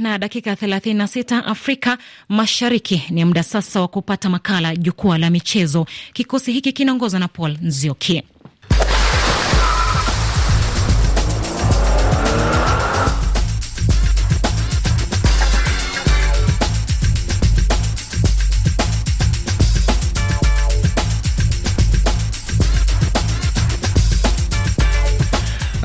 na dakika 36 Afrika Mashariki ni muda sasa wa kupata makala jukwaa la michezo. Kikosi hiki kinaongozwa na Paul Nzioki.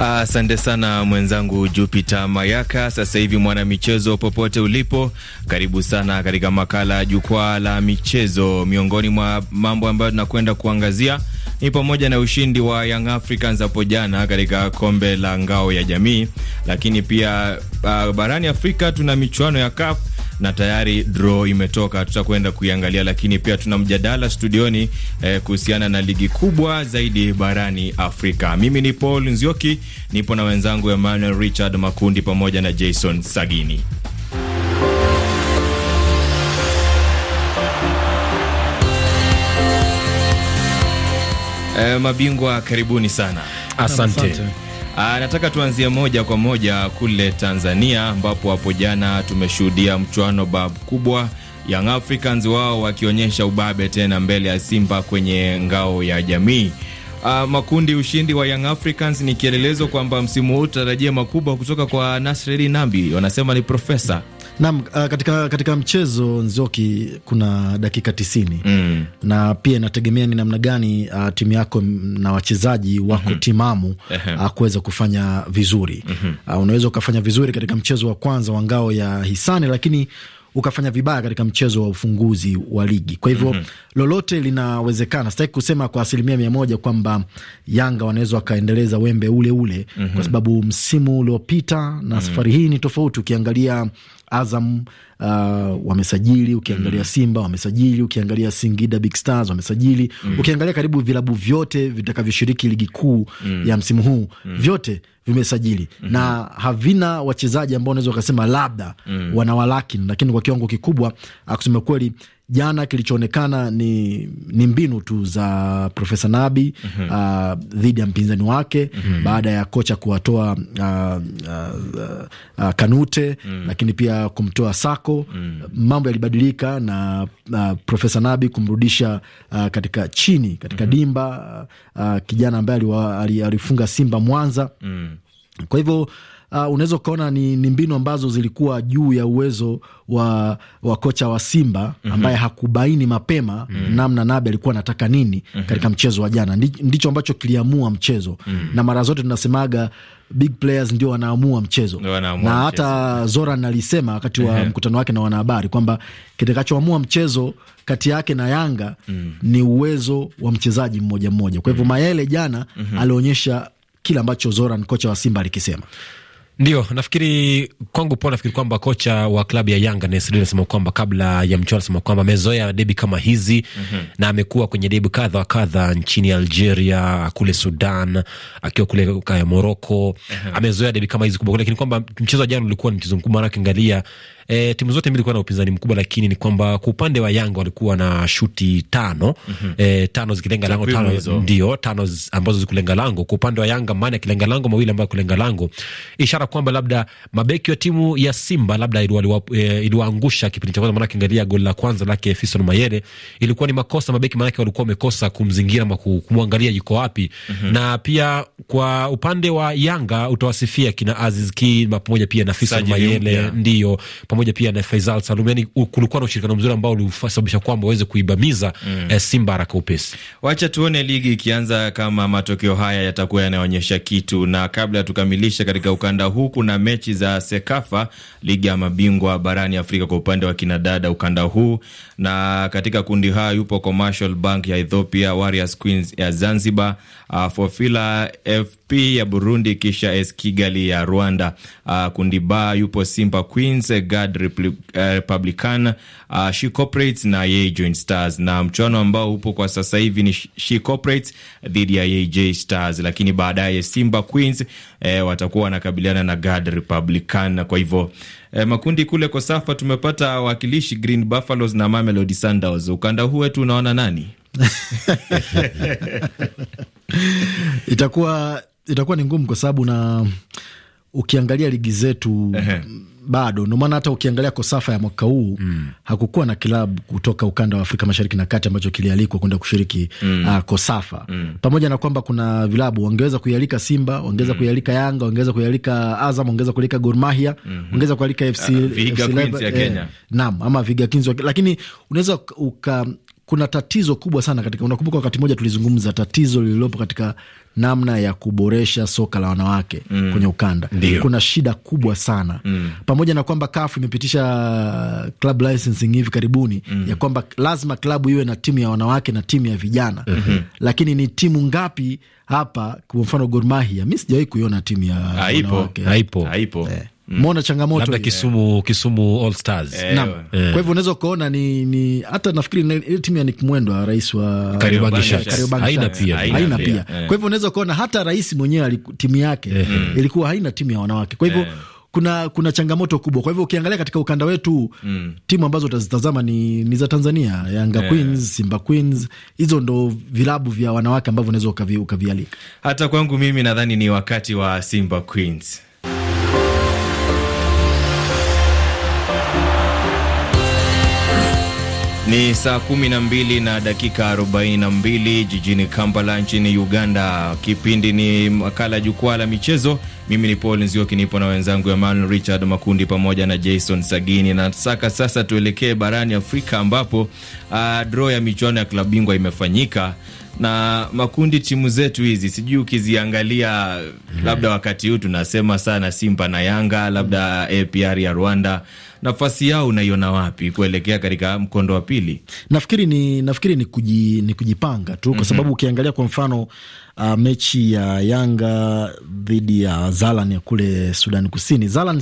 Asante sana mwenzangu Jupiter Mayaka. Sasa hivi mwanamichezo, popote ulipo, karibu sana katika makala ya jukwaa la michezo. Miongoni mwa mambo ambayo tunakwenda kuangazia ni pamoja na ushindi wa Young Africans hapo jana katika kombe la ngao ya jamii, lakini pia uh, barani Afrika tuna michuano ya kafu na tayari draw imetoka, tutakwenda kuiangalia, lakini pia tuna mjadala studioni eh, kuhusiana na ligi kubwa zaidi barani Afrika. Mimi ni Paul Nzioki, nipo na wenzangu Emmanuel Richard Makundi pamoja na Jason Sagini. Eh, mabingwa karibuni sana. Asante, asante. Aa, ah, nataka tuanzie moja kwa moja kule Tanzania ambapo hapo jana tumeshuhudia mchuano bab kubwa Young Africans wao wakionyesha ubabe tena mbele ya Simba kwenye ngao ya jamii. Uh, makundi. Ushindi wa Young Africans ni kielelezo kwamba msimu huu tutarajia makubwa kutoka kwa Nasreli Nambi, wanasema ni profesa Naam, uh, katika, katika mchezo Nzioki kuna dakika tisini mm. na pia inategemea ni namna gani uh, timu yako na wachezaji wako mm -hmm. timamu uh, kuweza kufanya vizuri mm -hmm. uh, unaweza ukafanya vizuri katika mchezo wa kwanza wa ngao ya hisani lakini ukafanya vibaya katika mchezo wa ufunguzi wa ligi. Kwa hivyo mm -hmm. lolote linawezekana. Sitaki kusema kwa asilimia mia moja kwamba Yanga wanaweza wakaendeleza wembe ule ule mm -hmm. kwa mm-hmm. sababu msimu uliopita na mm -hmm. safari hii ni tofauti. Ukiangalia Azam uh, wamesajili, ukiangalia mm. Simba wamesajili, ukiangalia Singida Big Stars wamesajili mm. ukiangalia karibu vilabu vyote vitakavyoshiriki ligi kuu mm. ya msimu huu mm. vyote vimesajili mm-hmm. na havina wachezaji ambao unaweza ukasema labda mm-hmm. wanawalaki, lakini kwa kiwango kikubwa akusema ah, kweli jana kilichoonekana ni, ni mbinu tu za Profesa Nabi mm -hmm. uh, dhidi ya mpinzani wake mm -hmm. baada ya kocha kuwatoa uh, uh, uh, Kanute mm -hmm. lakini pia kumtoa Sako mm -hmm. mambo yalibadilika na uh, Profesa Nabi kumrudisha uh, katika chini katika mm -hmm. dimba uh, kijana ambaye alifunga Simba Mwanza mm kwa hivyo uh, unaweza ukaona ni, ni mbinu ambazo zilikuwa juu ya uwezo wa, wa kocha wa Simba mhm. ambaye mm -hmm. hakubaini mapema mm -hmm. namna Nabe alikuwa anataka nini mm -hmm. katika mchezo wa jana, ndicho ambacho kiliamua mchezo mm -hmm. na mara zote tunasemaga big players ndio wanaamua mchezo wanaamua na hata Zoran alisema wakati wa mkutano wake na wanahabari kwamba kitakachoamua mchezo kati yake na Yanga mm -hmm. ni uwezo wa mchezaji mmoja mmoja. Kwa hivyo mm -hmm. Mayele jana mm -hmm. alionyesha kile ambacho Zoran kocha wa Simba alikisema. Ndio, nafikiri kwangu po nafikiri kwamba kocha wa klabu ya Yanga Nesri anasema kwamba kabla ya mchuano, anasema kwamba amezoea debi kama hizi mm -hmm. na amekuwa kwenye debi kadha wa kadha nchini Algeria, kule Sudan, akiwa kule Moroko mm -hmm. amezoea debi kama hizi kubwa, lakini kwamba mchezo wa jana ulikuwa ni mchezo mkubwa, maanake angalia e, timu zote mbili kuwa na upinzani mkubwa, lakini ni kwamba kwa upande wa Yanga walikuwa na shuti tano mm -hmm. e, tano zikilenga lango tano, ndio tano ambazo zikulenga lango. Kwa upande wa Yanga mane akilenga lango mawili ambayo kulenga lango, ishara kwamba labda mabeki wa timu ya Simba labda eh, iliwaangusha e, kipindi cha kwanza, maana angalia goli la kwanza lake Fiston Mayele ilikuwa ni makosa mabeki, maanake walikuwa wamekosa kumzingira ama kumwangalia yuko wapi mm -hmm. na pia kwa upande wa Yanga utawasifia kina Aziz Ki pamoja pia na Fiston Mayele ndio pamoja pamoja pia na Faisal Salum. Yani kulikuwa na ushirikiano mzuri ambao ulisababisha kwamba waweze kuibamiza mm. eh, Simba haraka upesi. Wacha tuone ligi ikianza kama matokeo haya yatakuwa yanaonyesha kitu. Na kabla ya tukamilisha, katika ukanda huu, kuna mechi za Sekafa, ligi ya mabingwa barani Afrika kwa upande wa kinadada ukanda huu, na katika kundi haya yupo Commercial Bank ya Ethiopia, Warriors Queens ya Zanzibar, uh, Fofila FP ya Burundi, kisha AS Kigali ya Rwanda. Uh, kundi ba yupo Simba Queens, Gad Democrat, eh, Republican, uh, She Corporates na Yay Joint Stars, na mchuano ambao upo kwa sasa hivi ni She Corporates dhidi ya Yeye Stars, lakini baadaye Simba Queens eh, watakuwa wanakabiliana na Guard Republican. Kwa hivyo eh, makundi kule kwa safa tumepata wakilishi Green Buffaloes na Mamelodi Sundowns. Ukanda huu wetu unaona nani? itakuwa itakuwa ni ngumu kwa sababu na ukiangalia ligi zetu bado ndio maana hata ukiangalia Kosafa ya mwaka huu mm. hakukuwa na kilabu kutoka ukanda wa Afrika Mashariki na Kati ambacho kilialikwa kwenda kushiriki mm. uh, Kosafa mm. pamoja na kwamba kuna vilabu wangeweza kuialika Simba, wangeweza mm. kuialika Yanga, wangeweza kuialika Azam, wangeweza kuialika Gor Mahia mhm. wangeweza kualika FC, uh, ah, FC Lab, ya Kenya eh, naam ama Vihiga lakini unaweza uka kuna tatizo kubwa sana katika, unakumbuka wakati mmoja tulizungumza tatizo lililopo katika namna ya kuboresha soka la wanawake mm. kwenye ukanda Ndiyo. kuna shida kubwa sana mm. pamoja na kwamba CAF imepitisha club licensing hivi karibuni mm. ya kwamba lazima klabu iwe na timu ya wanawake na timu ya vijana mm -hmm. lakini ni timu ngapi hapa, kwa mfano Gor Mahia, mi sijawahi kuiona timu ya wanawake haipo. haipo. Eh. Mm. Umeona changamoto labda Kisumu, yeah. Kisumu All Stars. Eh, Naam, yeah. kwa hivyo unaweza ukaona ni ni hata nafikiri ile timu ya Nick Mwendwa, rais wa Kariobangi Sharks haina pia, haina pia. Yeah. Kwa hivyo unaweza ukaona hata rais mwenyewe timu yake yeah. Mm. ilikuwa haina timu ya wanawake, kwa hivyo yeah. kuna kuna changamoto kubwa. Kwa hivyo ukiangalia katika ukanda wetu mm, timu ambazo utazitazama ni, ni za Tanzania, Yanga yeah, Queens, Simba Queens, hizo ndo vilabu vya wanawake ambavyo unaweza ukavialika. Hata kwangu mimi nadhani ni wakati wa Simba Queens Ni saa kumi na mbili na dakika arobaini na mbili jijini Kampala nchini Uganda. Kipindi ni makala jukwaa la michezo. Mimi ni Paul Nzioki, nipo na wenzangu Emmanuel Richard Makundi pamoja na Jason Sagini na saka. Sasa tuelekee barani Afrika ambapo uh, draw ya michuano ya klabu bingwa imefanyika na makundi timu zetu hizi sijui ukiziangalia hmm. labda wakati huu tunasema sana Simba na Yanga, labda mhm. APR ya Rwanda, nafasi yao unaiona wapi kuelekea katika mkondo wa pili? Nafikiri ni, nafikiri ni, kuji, ni kujipanga tu, kwa mhm. sababu ukiangalia kwa mfano uh, mechi ya Yanga dhidi ya Zalan ya kule Sudan Kusini Zalan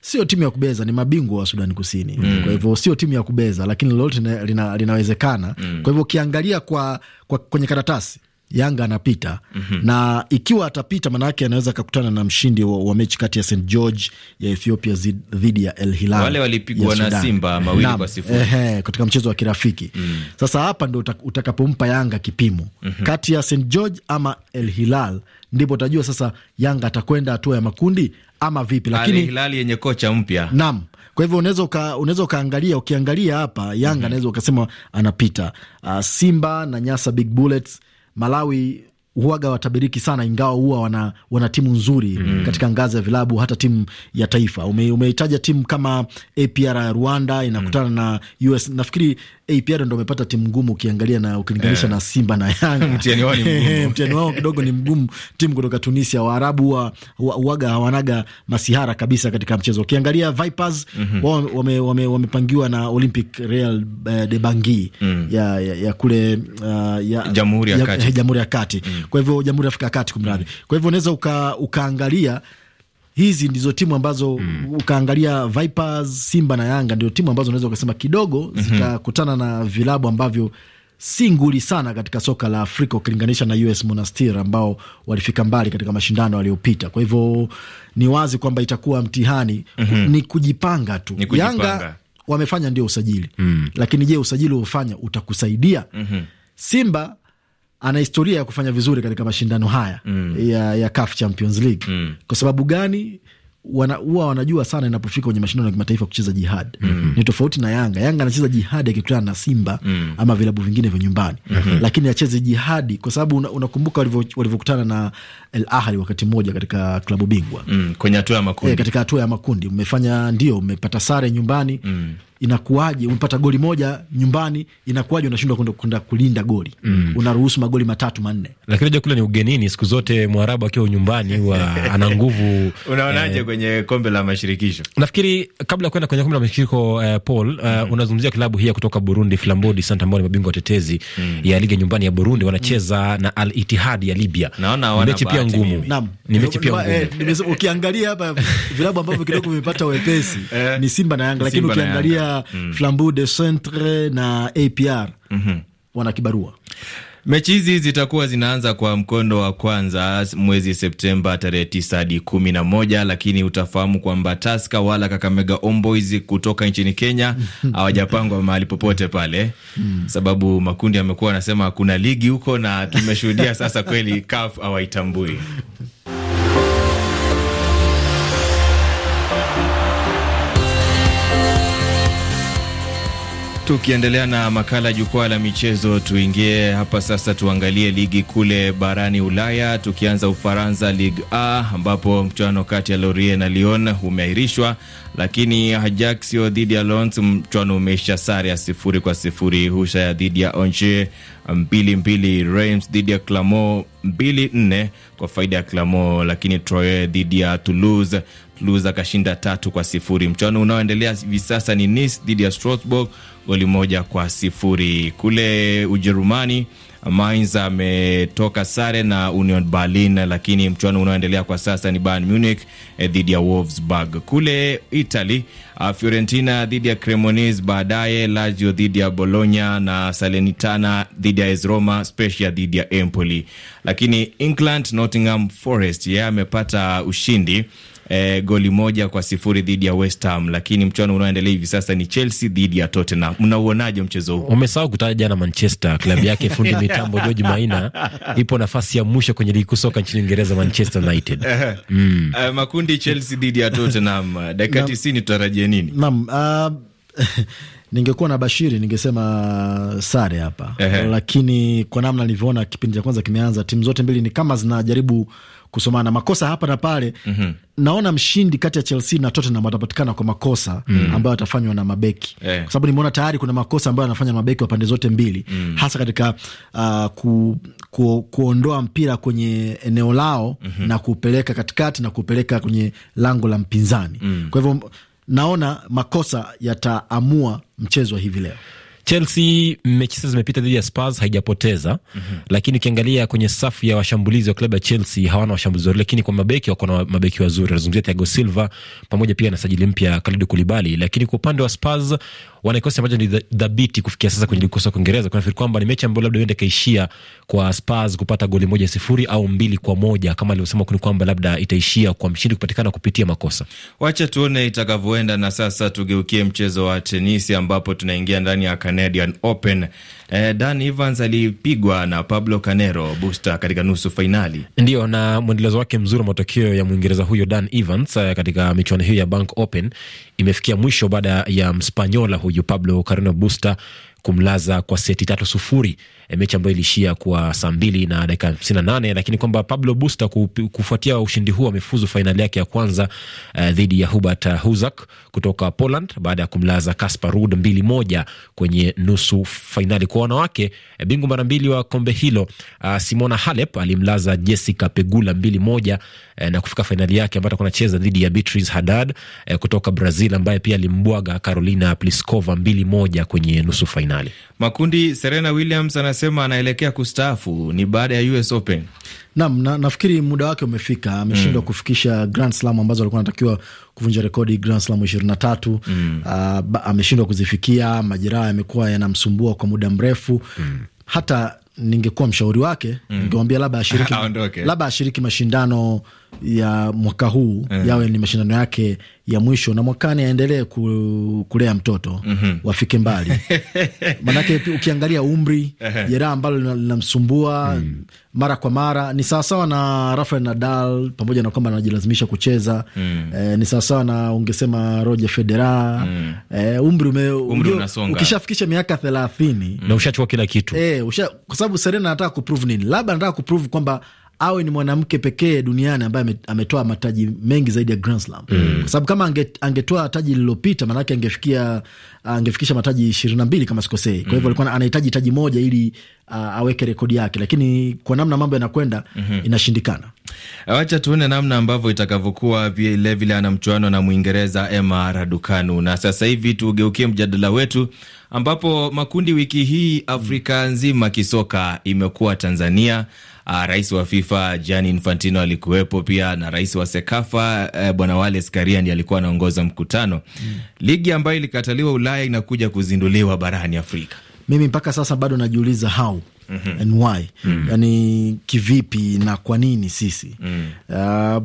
sio timu ya kubeza, ni mabingwa wa Sudani Kusini mm. Kwa hivyo sio timu ya kubeza, lakini lolote lina, linawezekana mm. Kwa hivyo ukiangalia kwa, kwa kwenye karatasi Yanga anapita mm -hmm. na ikiwa atapita, maanake anaweza akakutana na mshindi wa, wa mechi kati ya St George ya Ethiopia dhidi ya El Hilal, wale walipigwa na Simba mawili kwa sifuri eh, katika mchezo wa kirafiki mm. Sasa hapa ndo utakapompa Yanga kipimo mm -hmm. kati ya St George ama El Hilal ndipo utajua sasa Yanga atakwenda hatua ya makundi ama vipi, lakini Hilali yenye kocha mpya naam. Kwa hivyo unaweza unaweza ukaangalia, ukiangalia hapa Yanga mhm. anaweza mm -hmm. ukasema anapita uh, Simba na Nyasa Big Bullets Malawi huaga watabiriki sana, ingawa huwa wana, wana timu nzuri mm. katika ngazi ya vilabu, hata timu ya taifa. Umeitaja timu kama APR ya Rwanda inakutana mm. na US. Nafikiri APR ndo amepata timu ngumu ukiangalia na ukilinganisha yeah. na Simba na Yanga mtihani wao ni mgumu, mtihani wao kidogo ni mgumu. Timu kutoka Tunisia, Waarabu wa, waga hawanaga masihara kabisa katika mchezo. Ukiangalia Vipers mm -hmm. wao wamepangiwa wame, wame na Olympic Real eh, de Bangui mm. ya, ya, ya kule uh, ya Jamhuri ya Kati, ya, ya, Jamhuri ya Kati. Mm. Mm. Kwa hivyo Jamhuri ya Afrika ya Kati, kumradhi. mm. Kwa hivyo unaweza uka, ukaangalia hizi ndizo timu ambazo mm. ukaangalia Vipers, Simba na Yanga ndio timu ambazo unaweza ukasema kidogo mhm. zitakutana mm -hmm. na vilabu ambavyo si nguli sana katika soka la Afrika ukilinganisha na US Monastir ambao walifika mbali katika mashindano yaliyopita. Kwa hivyo ni wazi kwamba itakuwa mtihani mm -hmm. ni kujipanga tu ni kujipanga. Yanga wamefanya ndio usajili mm. lakini je, usajili uofanya utakusaidia? mm -hmm. Simba ana historia ya kufanya vizuri katika mashindano haya mm. ya, ya CAF Champions League mm. kwa sababu gani? Wana, huwa wanajua sana inapofika kwenye mashindano ya kimataifa kucheza jihad mm -hmm. Ni tofauti na Yanga. Yanga anacheza jihadi akikutana na Simba mm -hmm. ama vilabu vingine vya nyumbani mm -hmm. lakini acheze jihadi kwa sababu unakumbuka una walivyokutana na Al Ahly wakati mmoja katika klabu bingwa mm, kwenye hatua ya makundi e, katika hatua ya makundi mmefanya ndio mmepata sare nyumbani mm -hmm inakuaje? Umepata goli moja nyumbani, inakuaje unashindwa kwenda kulinda goli mm? Unaruhusu magoli matatu manne, lakini unajua kule ni ugenini siku zote. Mwarabu akiwa nyumbani wa ana nguvu unaonaje? Eh, kwenye kombe la mashirikisho nafikiri, kabla ya kwenda kwenye kombe la mashirikisho eh, Paul eh, mm. unazungumzia klabu hii kutoka Burundi, Flambodi Santa, ambao ni mabingwa watetezi mm. ya ligi nyumbani ya Burundi, wanacheza mm. na Al Ittihad ya Libya. Naona wana mechi pia ngumu, ni mechi pia ngumu. Eh, ukiangalia hapa vilabu ambavyo kidogo vimepata wepesi eh. ni Simba na Yanga, lakini ukiangalia Nigeria mm. Flambeau de Centre na APR mm -hmm. wana kibarua mechi hizi zitakuwa zinaanza kwa mkondo wa kwanza mwezi Septemba tarehe tisa hadi kumi na moja, lakini utafahamu kwamba Taska wala Kakamega Omboys kutoka nchini Kenya hawajapangwa mahali popote pale, hmm. sababu makundi amekuwa anasema kuna ligi huko, na tumeshuhudia sasa kweli CAF hawaitambui Tukiendelea na makala jukwaa la michezo, tuingie hapa sasa, tuangalie ligi kule barani Ulaya, tukianza Ufaransa, Ligue A ambapo mchuano kati ya Lorient na Lyon umeahirishwa, lakini Ajaccio dhidi ya Lens mchuano umeisha sare ya sifuri kwa sifuri. Husha dhidi ya Angers mbili mbili, Reims dhidi ya Clermont mbili nne kwa faida ya Clermont, lakini Troyes dhidi ya Toulouse Luz akashinda tatu kwa sifuri. Mchuano unaoendelea hivi sasa ni Nice dhidi ya Strasbourg goli moja kwa sifuri. Kule Ujerumani Mainz ametoka sare na Union Berlin, lakini mchuano unaoendelea kwa sasa ni Bayern Munich eh, dhidi ya Wolfsburg. Kule Italy ah, Fiorentina dhidi ya Cremonese, baadaye Lazio dhidi ya Bologna na Salernitana dhidi ya AS Roma, Spezia dhidi ya Empoli. Lakini England Nottingham Forest yeye amepata ushindi eh, goli moja kwa sifuri dhidi ya West Ham, lakini mchuano unaoendelea hivi sasa ni Chelsea dhidi ya Tottenham. Mnauonaje mchezo huu? Umesahau kutaja na Manchester, klabu yake fundi mitambo George Maina ipo nafasi ya mwisho kwenye ligi kuu soka nchini Uingereza, Manchester United eh, mm. Uh, makundi Chelsea dhidi ya Tottenham dakika tisini, tutarajie nini? Naam, uh... Ningekuwa na bashiri ningesema sare hapa, lakini kwa namna nilivyoona kipindi cha kwanza kimeanza, timu zote mbili ni kama zinajaribu kusomana makosa hapa na pale mm -hmm. Naona mshindi kati ya Chelsea na Tottenham watapatikana kwa makosa mm ambayo atafanywa na mabeki eh. Kwa sababu nimeona tayari kuna makosa ambayo anafanya mabeki wa pande zote mbili mm hasa katika uh, ku, ku, kuondoa mpira kwenye eneo lao mm -hmm. na kupeleka katikati na kupeleka kwenye lango la mpinzani mm Kwa hivyo naona makosa yataamua mchezo hivi leo. Chelsea mechi sasa zimepita dhidi ya Spurs haijapoteza, mm -hmm. Lakini ukiangalia kwenye safu ya washambulizi wa klabu ya Chelsea hawana washambulizi wazuri, lakini kwa mabeki wako na mabeki wazuri. Anazungumzia Thiago Silva pamoja pia na sajili mpya Kalidou Koulibaly, lakini kwa upande wa Spurs wanaikosi ambacho ni dhabiti kufikia sasa kwenye likosi la Uingereza. Kunafikiri kwamba ni mechi ambayo labda huenda ikaishia kwa Spurs kupata goli moja sifuri au mbili kwa moja kama alivyosema kuni kwamba labda itaishia kwa mshindi kupatikana kupitia makosa. Wacha tuone itakavyoenda. Na sasa tugeukie mchezo wa tenisi ambapo tunaingia ndani ya Canadian Open. Eh, Dan Evans alipigwa na Pablo Canero Busta katika nusu fainali, ndio na mwendelezo wake mzuri wa matokeo ya Mwingereza huyo Dan Evans eh, katika michuano hiyo ya Bank Open imefikia mwisho baada ya Mspanyola huyu Pablo Carreno Busta kumlaza kwa seti tatu sufuri. Eh, mechi ambayo ilishia kwa saa mbili na dakika hamsini na nane lakini kwamba Pablo Busta kufuatia ushindi huo amefuzu fainali yake ya kwanza uh, dhidi ya Hubert Huzak kutoka Poland baada ya kumlaza Kaspar Rud mbili moja kwenye nusu fainali. Kwa wanawake eh, bingwa mara mbili wa kombe hilo uh, Simona Halep alimlaza Jessica Pegula mbili moja uh, na kufika fainali yake ambayo atakuwa anacheza dhidi ya Beatriz Haddad uh, kutoka Brazil ambaye pia alimbwaga Carolina Pliskova mbili moja kwenye nusu fainali. Makundi Serena Williams anas anasema anaelekea kustaafu ni baada ya US Open. Naam, na, nafikiri muda wake umefika, ameshindwa mm. kufikisha Grand Slam ambazo alikuwa anatakiwa kuvunja rekodi Grand Slam ishirini na tatu mm. uh, ameshindwa kuzifikia, majeraha yamekuwa yanamsumbua kwa muda mrefu mm. hata ningekuwa mshauri wake mm. ningemwambia labda ashiriki, labda ashiriki mashindano ya mwaka huu mm. yawe ni mashindano yake ya mwisho, na mwakani aendelee ku, kulea mtoto mm -hmm. wafike mbali manake ukiangalia umri jeraha ambalo linamsumbua mm. mara kwa mara ni sawasawa na Rafael Nadal, pamoja na kwamba anajilazimisha kucheza mm. e, ni sawasawa na ungesema Roger Federer mm. eh, umri ume, umri ukishafikisha miaka thelathini mm. na ushachukua kila kitu e, usha, kwa sababu Serena anataka kuprove nini? Labda anataka kuprove kwamba awe ni mwanamke pekee duniani ambaye ametoa mataji mengi zaidi ya Grand Slam mm. kwa sababu kama ange, angetoa taji lililopita maanake angefikia uh, angefikisha mataji ishirini na mbili kama sikosei. Kwa hivyo mm. alikuwa anahitaji taji moja ili uh, aweke rekodi yake, lakini kwa namna mambo yanakwenda mm -hmm. inashindikana. Eh, wacha tuone namna ambavyo itakavyokuwa. Vilevile ana mchuano na Mwingereza Emma Raducanu. Na sasa hivi tugeukie mjadala wetu, ambapo makundi wiki hii Afrika nzima kisoka imekuwa Tanzania Uh, rais wa FIFA Gianni Infantino alikuwepo pia na rais wa Sekafa uh, bwana Wallace Karia ndiye alikuwa anaongoza mkutano mm. Ligi ambayo ilikataliwa Ulaya inakuja kuzinduliwa barani Afrika. Mimi mpaka sasa bado najiuliza how Mm -hmm. And why? Mm -hmm. Yani kivipi na kwa nini sisi? Mm -hmm. Uh,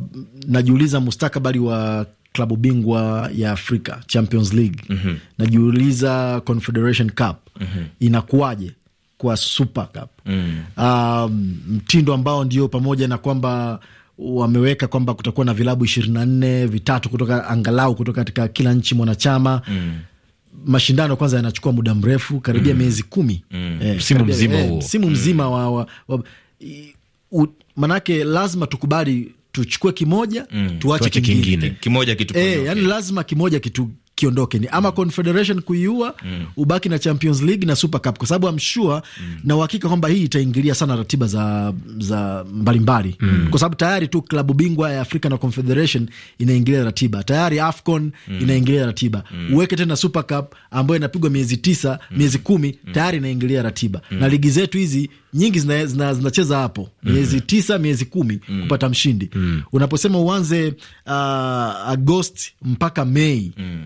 najiuliza mustakabali wa klabu bingwa ya Afrika Champions League. Mm -hmm. Najiuliza Confederation Cup. Mm -hmm. Inakuwaje? kwa Super Cup mm. Um, mtindo ambao ndio pamoja na kwamba wameweka kwamba kutakuwa na vilabu ishirini na nne vitatu kutoka angalau kutoka katika kila nchi mwanachama mm. Mashindano kwanza yanachukua muda mrefu karibia mm. miezi kumi mm. eh, mzima, eh, msimu mm. mzima wa, wa, wa, u, manake lazima tukubali tuchukue kimoja mm. tuache kingine, kingine. Kimoja kitu eh, yani lazima kimoja kitu kiondoke ni ama mm. Confederation kuiua mm. ubaki na Champions League na Super Cup kwa sababu amshua mm. na uhakika kwamba hii itaingilia sana ratiba za, za mbalimbali mm. kwa sababu tayari tu klabu bingwa ya Afrika na Confederation inaingilia ratiba tayari, AFCON mm. inaingilia ratiba mm. uweke tena Super Cup ambayo inapigwa miezi tisa mm. miezi kumi mm. tayari inaingilia ratiba mm. na ligi zetu hizi nyingi zinacheza zina, zina hapo mm. miezi mm. tisa miezi kumi mm. kupata mshindi mm. unaposema uanze uh, Agosti mpaka Mei mm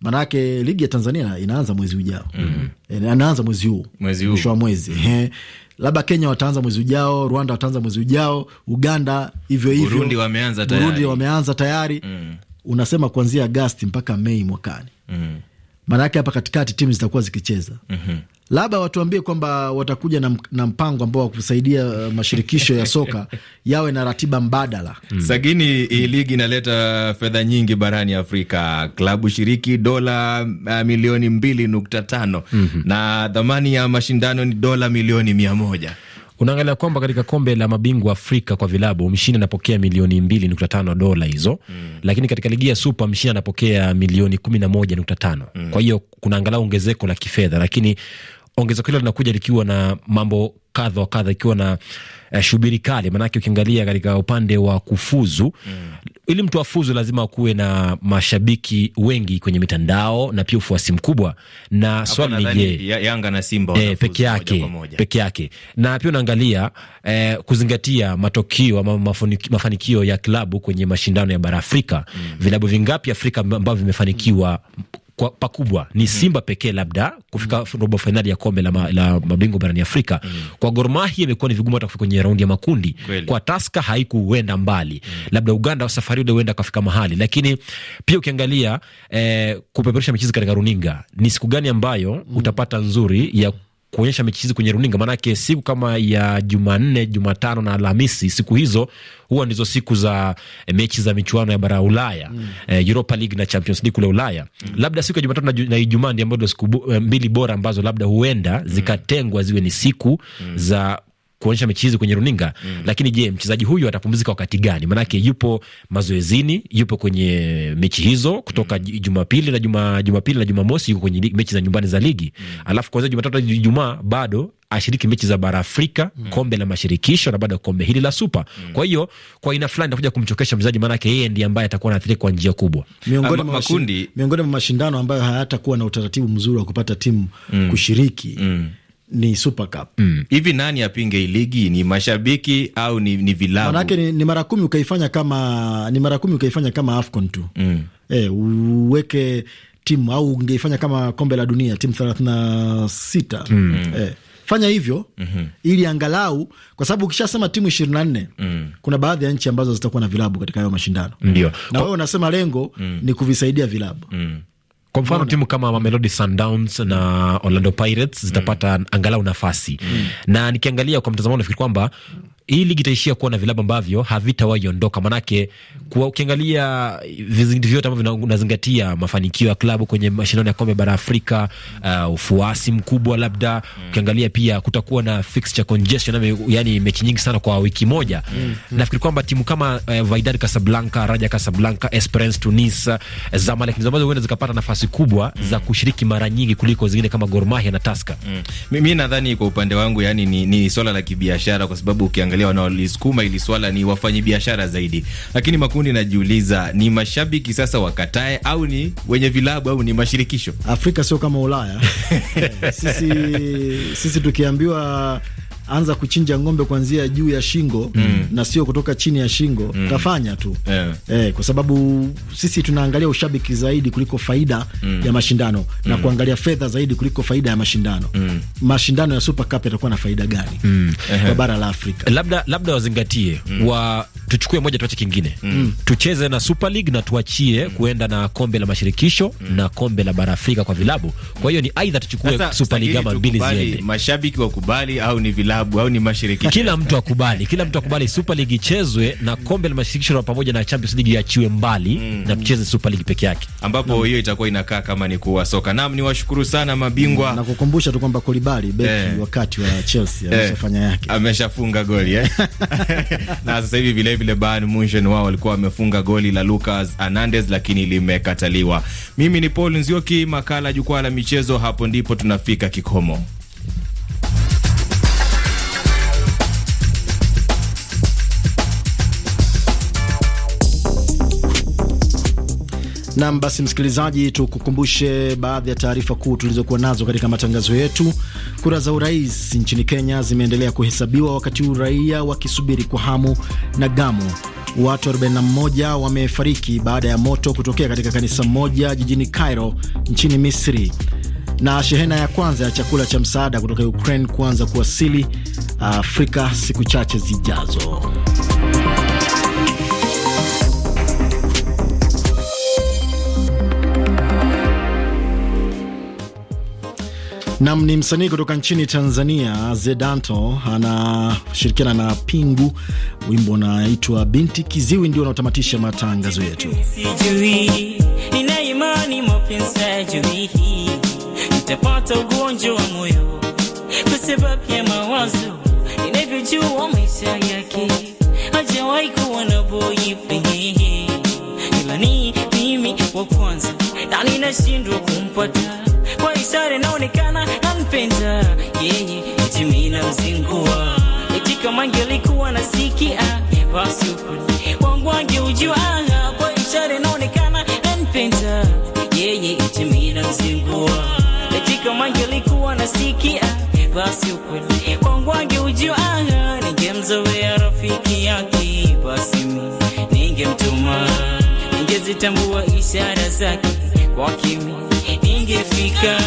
Manake ligi ya Tanzania inaanza mwezi ujao, mm Anaanza eh, mwezi huu, mwisho wa mwezi mhm. eh, labda Kenya wataanza mwezi ujao, Rwanda wataanza mwezi ujao, Uganda hivyo hivyo, Burundi wameanza tayari, Burundi wameanza tayari. Mm. Unasema kuanzia Agasti mpaka Mei mwakani, mm. Maanake hapa katikati timu zitakuwa zikicheza, mm -hmm labda watuambie kwamba watakuja na, na mpango ambao wa kusaidia uh, mashirikisho ya soka yawe na ratiba mbadala mm. Sagini, hii ligi inaleta fedha nyingi barani Afrika, klabu shiriki dola uh, milioni mbili nukta tano mm -hmm. na thamani ya mashindano ni dola milioni mia moja unaangalia kwamba katika kombe la mabingwa Afrika kwa vilabu mshindi anapokea milioni mbili nukta tano dola hizo mm. Lakini katika ligi ya Supa mshindi anapokea milioni kumi na moja nukta tano mm. Kwa hiyo kuna angalau ongezeko la kifedha, lakini ongezeko hilo linakuja likiwa na mambo kadha wa kadha, ikiwa na uh, shubiri kali, maanake ukiangalia katika upande wa kufuzu mm. Ili mtu afuzu lazima kuwe na mashabiki wengi kwenye mitandao na pia ufuasi mkubwa, na swali ni je, Yanga na Simba eh, peke yake peke yake, na pia unaangalia eh, kuzingatia matokeo ama mafanikio ya klabu kwenye mashindano ya bara Afrika mm. Vilabu vingapi Afrika ambavyo vimefanikiwa mm kwa pakubwa ni mm-hmm. Simba pekee labda kufika mm-hmm. robo fainali ya kombe la, ma, la mabingwa barani Afrika. Mm. Kwa Gor Mahia imekuwa ni vigumu hata kufika kwenye raundi ya makundi. Kweli. Kwa Taska haikuenda mbali. Mm. Labda Uganda safari ule huenda kafika mahali, lakini pia ukiangalia eh, kupeperusha michezo katika runinga ni siku gani ambayo mm. utapata nzuri ya kuonyesha mechi hizi kwenye runinga, maanake siku kama ya Jumanne, Jumatano na Alhamisi, siku hizo huwa ndizo siku za eh, mechi za michuano ya bara ya Ulaya mm. eh, Europa League na Champions League kule Ulaya mm. labda siku ya Jumatatu na Ijumaa ndio ambazo siku eh, mbili bora ambazo labda huenda mm. zikatengwa ziwe ni siku mm. za kuonyesha mechi hizi kwenye runinga mm. Lakini je, mchezaji huyu atapumzika wakati gani? Maanake yupo mazoezini, yupo kwenye mechi hizo kutoka mm. Jumapili na juma, Jumapili na Jumamosi yuko kwenye mechi za nyumbani za ligi mm. Alafu kwanzia Jumatatu hadi Ijumaa bado ashiriki mechi za bara Afrika mm. kombe la mashirikisho na bado kombe hili la Supa mm. kwa hiyo kwa aina fulani itakuja kumchokesha mchezaji, maanake yeye ndiye ambaye atakuwa naathiri kwa njia kubwa miongoni mwa makundi, miongoni mwa mashindano ambayo hayatakuwa na utaratibu mzuri wa kupata timu mm. kushiriki mm ni Super Cup. Mm. Hivi nani apinge hii ligi, ni mashabiki au ni, ni vilabu? Manake ni, ni mara kumi ukaifanya kama ni mara kumi ukaifanya kama Afcon tu mm. E, uweke timu au ungeifanya kama kombe la dunia timu thelathini na sita mm. E, fanya hivyo mm -hmm. ili angalau kwa sababu ukishasema timu ishirini na nne mm. kuna baadhi ya nchi ambazo zitakuwa na vilabu katika hayo mashindano. Ndio. Na wewe unasema lengo mm. ni kuvisaidia vilabu mm. Kwa mfano timu kama Mamelodi Sundowns na Orlando Pirates zitapata mm. angalau nafasi mm. na nikiangalia kwa mtazamo nafikiri kwamba hii ligi itaishia kuwa na vilabu ambavyo havitawahi ondoka, manake kwa ukiangalia vizingiti vyote ambavyo vinazingatia mafanikio ya klabu kwenye mashindano ya kombe bara Afrika, uh, ufuasi mkubwa labda mm. Ukiangalia pia kutakuwa na fixture congestion, yani yaani mechi nyingi sana kwa wiki moja mm. mm. Nafikiri kwamba timu kama uh, eh, Wydad Casablanca, Raja Casablanca, Esperance Tunis, eh, Zamalek ndizo ambazo huenda zikapata nafasi kubwa mm. za kushiriki mara nyingi kuliko zingine kama Gor Mahia na Tusker mm. Mimi nadhani kwa upande wangu yani ni, ni swala la kibiashara kwa sababu ukiangalia ukiangalia wanaolisukuma ili swala ni wafanyi biashara zaidi, lakini makundi najiuliza, ni mashabiki sasa wakatae au ni wenye vilabu au ni mashirikisho? Afrika sio kama Ulaya sisi, sisi tukiambiwa anza kuchinja ng'ombe kuanzia juu ya shingo mm. na sio kutoka chini ya shingo mm. tafanya tu yeah. E, kwa sababu sisi tunaangalia ushabiki zaidi kuliko faida mm. ya mashindano mm. na kuangalia fedha zaidi kuliko faida ya mashindano mm. mashindano ya Super Cup yatakuwa na faida gani mm. kwa bara la Afrika? Labda labda wazingatie mm. wa tuchukue moja tuache kingine mm. mm. tucheze na Super League na tuachie mm. kuenda na kombe la mashirikisho mm. na kombe la bara Afrika kwa vilabu. Kwa hiyo ni aidha tuchukue Asa, Super League ama mbili ziende, mashabiki wakubali au ni vilabu au ni mashirikisho, kila mtu akubali, kila mtu akubali Super League ichezwe na kombe la mashirikisho pamoja na Champions League iachiwe mbali mm. na tucheze Super League peke yake, ambapo mm. hiyo itakuwa inakaa kama ni kuwa soka. Naam, niwashukuru sana mabingwa mm. na kukumbusha tu kwamba Kulibali beki eh. wakati wa Chelsea eh. ameshafanya eh. yake ameshafunga goli eh na sasa hivi vile vilevile Bayern Munchen wao walikuwa wamefunga goli la Lucas Hernandez lakini limekataliwa. Mimi ni Paul Nzioki, makala jukwaa la michezo, hapo ndipo tunafika kikomo. Nam basi, msikilizaji, tukukumbushe baadhi ya taarifa kuu tulizokuwa nazo katika matangazo yetu. Kura za urais nchini Kenya zimeendelea kuhesabiwa, wakati huu raia wakisubiri kwa hamu na gamu. Watu 41 wamefariki baada ya moto kutokea katika kanisa moja jijini Cairo nchini Misri, na shehena ya kwanza ya chakula cha msaada kutoka Ukraine kuanza kuwasili Afrika siku chache zijazo. Nam ni msanii kutoka nchini Tanzania, Zedanto anashirikiana na Pingu, wimbo unaitwa Binti Kiziwi, ndio unaotamatisha matangazo yetu. Nina imani mapenzi hii nitapata ugonjwa wa moyo kwa sababu ya mawazo, maisha yake hajawahi kuwa na boyfriend, ila ni mimi wa kwanza na ninashindwa kumpata kwa ishara naonekana anpenda yeye, eti mimi namzingua, eti kama angelikuwa nasikia basi wangu angeujua, kwa ishara naonekana anpenda yeye, eti mimi namzingua, eti kama angelikuwa nasikia basi ukweli wangu angeujua, ningemzoea rafiki yake, basi mimi ningemtuma, ningezitambua ishara zake kwa kimi ningefika,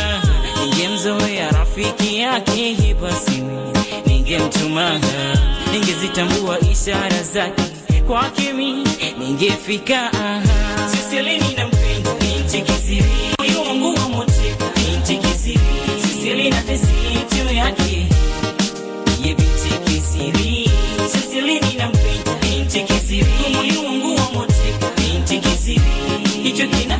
ningemzoea rafiki yake, basi ningemtuma, ningezitambua ishara zake kwake, mimi ningefika. Sisilini na nampenda binti kisiri, moyo wangu moto binti kisiri, Siseli na tesi tu yake, ye binti kisiri, Sisilini na nampenda binti kisiri, moyo wangu moto binti kisiri, hicho kina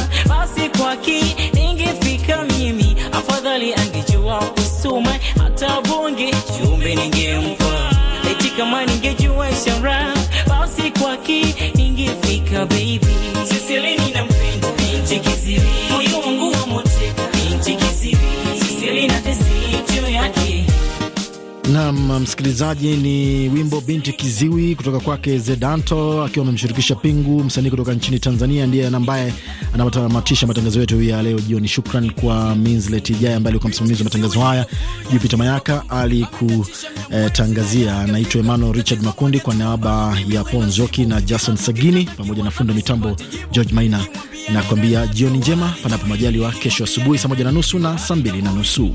basi kwake ningefika mimi, afadhali angejua kusoma hata bunge chumbe ningempa eti kama ningejua shara basi kwake ningefika baby, Cecily ninampenda binti kizili Nam msikilizaji, ni wimbo Binti Kiziwi kutoka kwake Zedanto akiwa amemshirikisha Pingu, msanii kutoka nchini Tanzania, ndiye ambaye anatamatisha matangazo yetu ya leo jioni. Shukran kwa Minslet Ijaye ambaye alikuwa msimamizi wa matangazo haya. Jupita Mayaka alikutangazia. Naitwa Emmanuel Richard Makundi kwa niaba ya Paul Nzoki na Jason Sagini pamoja na funda mitambo George Maina na kuambia jioni njema, panapo majaliwa kesho asubuhi saa moja na nusu na saa mbili na nusu.